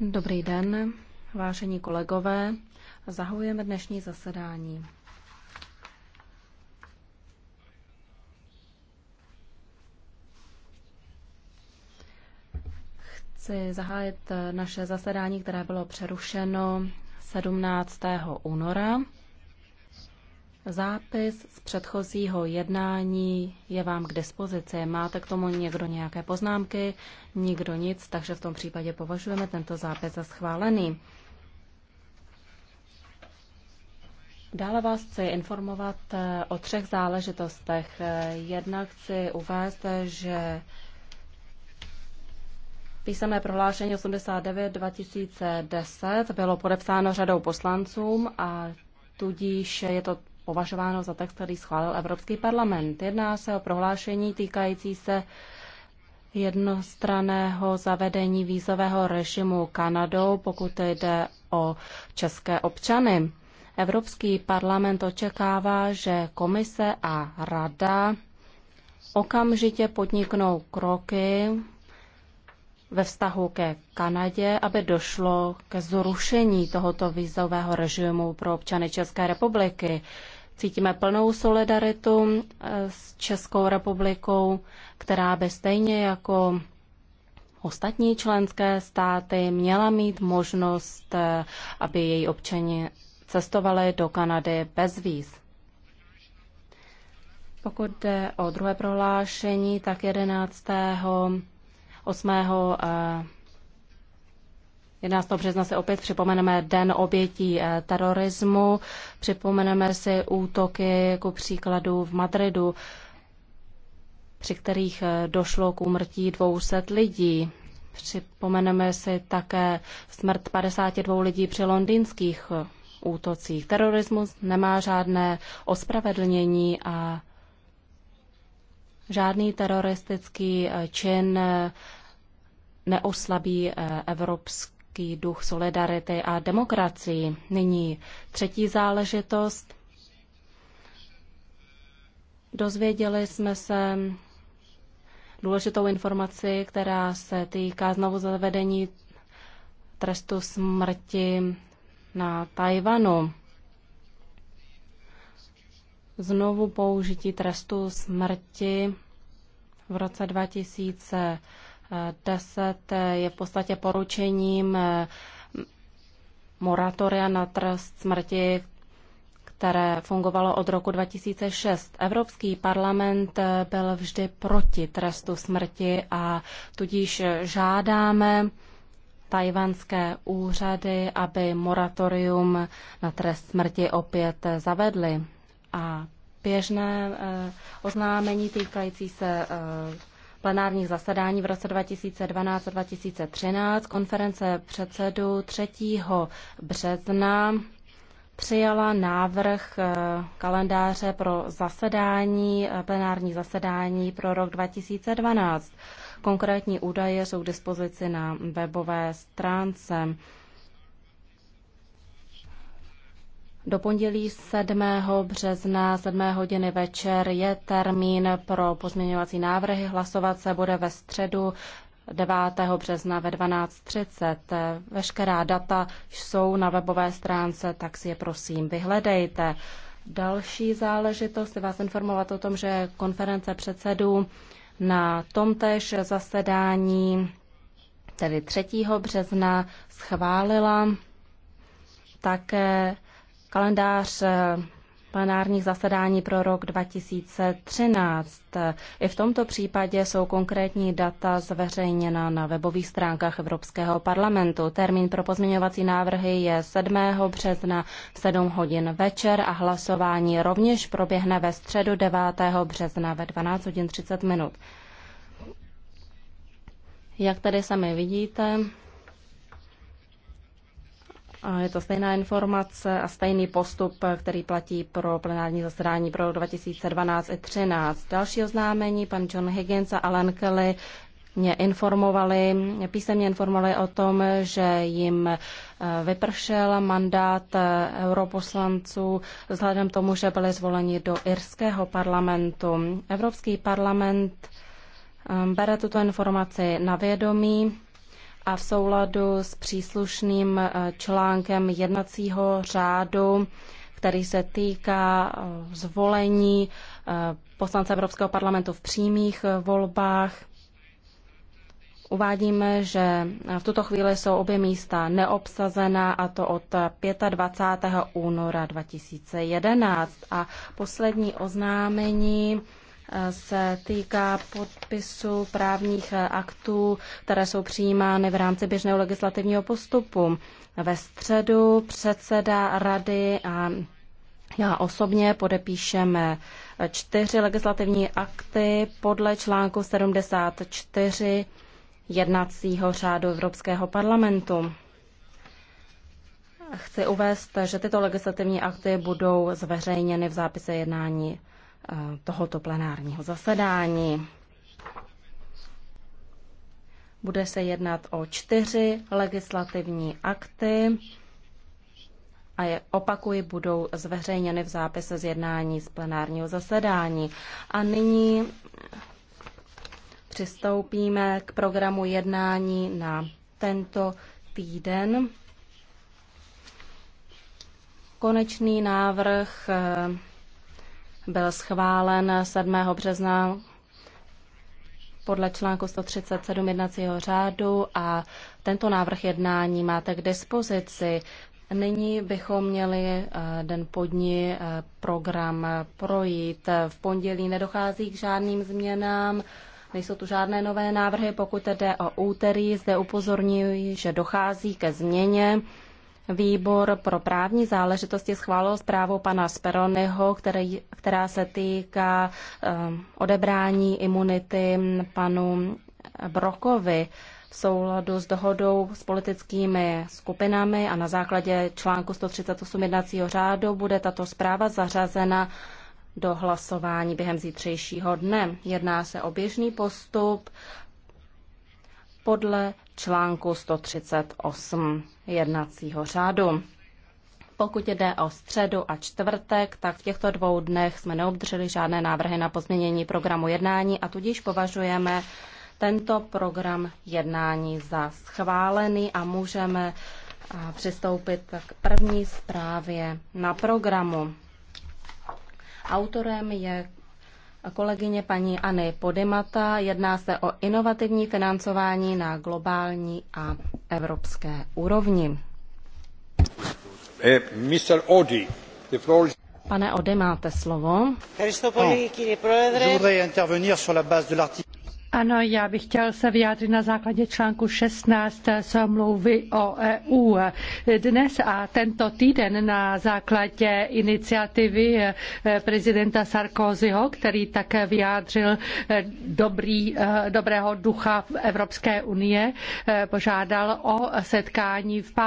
Dobrý den, vážení kolegové. Zahujeme dnešní zasedání. Chci zahájit naše zasedání, které bylo přerušeno 17. února. Zápis z předchozího jednání je vám k dispozici. Máte k tomu někdo nějaké poznámky? Nikdo nic, takže v tom případě považujeme tento zápis za schválený. Dále vás chci informovat eh, o třech záležitostech. Eh, jednak chci uvést, že Písemné prohlášení 89 2010 bylo podepsáno řadou poslancům a tudíž je to považováno za text, který schválil Evropský parlament. Jedná se o prohlášení týkající se jednostraného zavedení vízového režimu Kanadou, pokud jde o české občany. Evropský parlament očekává, že komise a rada okamžitě podniknou kroky ve vztahu ke Kanadě, aby došlo ke zrušení tohoto vízového režimu pro občany České republiky. Cítíme plnou solidaritu eh, s Českou republikou, která by stejně jako ostatní členské státy měla mít možnost, eh, aby její občani cestovali do Kanady bez víz. Pokud jde o druhé prohlášení, tak 11. 8. 11. března se opět připomeneme Den obětí eh, terorismu, připomeneme si útoky jako příkladu v Madridu, při kterých eh, došlo k úmrtí 200 lidí. Připomeneme si také smrt 52 lidí při londýnských eh, útocích. Terorismus nemá žádné ospravedlnění a žádný teroristický čin neoslabí evropský velký duch solidarity a demokracii. Nyní třetí záležitost. Dozvěděli jsme se důležitou informaci, která se týká znovu zavedení trestu smrti na Tajvanu. Znovu použití trestu smrti v roce 2000 10 je v podstatě poručením eh, moratoria na trest smrti, které fungovalo od roku 2006. Evropský parlament eh, byl vždy proti trestu smrti a tudíž eh, žádáme tajvanské úřady, aby moratorium na trest smrti opět zavedly. A běžné oznámení týkající se plenárních zasedání v roce 2012 a 2013. Konference předsedů 3. března přijala návrh eh, kalendáře pro zasedání, eh, plenární zasedání pro rok 2012. Konkrétní údaje jsou k dispozici na webové stránce. Do pondělí 7. března 7. hodiny večer je termín pro pozměňovací návrhy. Hlasovat se bude ve středu 9. března ve 12.30. Veškerá data jsou na webové stránce, tak si je prosím vyhledejte. Další záležitost, je vás informovat o tom, že konference předsedů na tomtež zasedání, tedy 3. března, schválila také kalendář eh, plenárních zasedání pro rok 2013. I v tomto případě jsou konkrétní data zveřejněna na webových stránkách Evropského parlamentu. Termín pro pozměňovací návrhy je 7. března v 7 hodin večer a hlasování rovněž proběhne ve středu 9. března ve 12 hodin 30 minut. Jak tady sami vidíte, a je to stejná informace a stejný postup, který platí pro plenární zasedání pro 2012 i 2013. Další oznámení, pan John Higgins a Alan Kelly mě informovali, písemně informovali o tom, že jim eh, vypršel mandát eh, europoslanců vzhledem tomu, že byli zvoleni do irského parlamentu. Evropský parlament eh, bere tuto informaci na vědomí a v souladu s příslušným eh, článkem jednacího řádu, který se týká eh, zvolení eh, poslance Evropského parlamentu v přímých volbách, Uvádíme, že v tuto chvíli jsou obě místa neobsazená a to od 25. února 2011. A poslední oznámení se týká podpisu právních aktů, které jsou přijímány v rámci běžného legislativního postupu. Ve středu předseda rady a já osobně podepíšeme čtyři legislativní akty podle článku 74 jednacího řádu Evropského parlamentu. Chci uvést, že tyto legislativní akty budou zveřejněny v zápise jednání Eh, tohoto plenárního zasedání. Bude se jednat o čtyři legislativní akty a je, opakuji, budou zveřejněny v zápise z jednání z plenárního zasedání. A nyní přistoupíme k programu jednání na tento týden. Konečný návrh eh, byl schválen 7. března podle článku 137 jednacího řádu a tento návrh jednání máte k dispozici. Nyní bychom měli eh, den podní eh, program projít. V pondělí nedochází k žádným změnám, nejsou tu žádné nové návrhy. Pokud jde o úterý, zde upozorňuji, že dochází ke změně. Výbor pro právní záležitosti schválil zprávu pana Speroneho, který, která se týká ehm, odebrání imunity panu Brokovi v souladu s dohodou s politickými skupinami a na základě článku 138 jednacího řádu bude tato zpráva zařazena do hlasování během zítřejšího dne. Jedná se o běžný postup podle článku 138 jednacího řádu. Pokud jde o středu a čtvrtek, tak v těchto dvou dnech jsme neobdrželi žádné návrhy na pozměnění programu jednání a tudíž považujeme tento program jednání za schválený a můžeme přistoupit k první zprávě na programu. Autorem je kolegyně paní Anny Podemata. Jedná se o inovativní financování na globální a evropské úrovni. Eh, Mr. Odi, the floor is... Pane Ode, máte slovo. Ano, já bych chtěl se vyjádřit na základě článku 16 smlouvy o EU. Dnes a tento týden na základě iniciativy eh, prezidenta Sarkozyho, který také vyjádřil eh, dobrý, eh, dobrého ducha Evropské unie, požádal o setkání v pátek.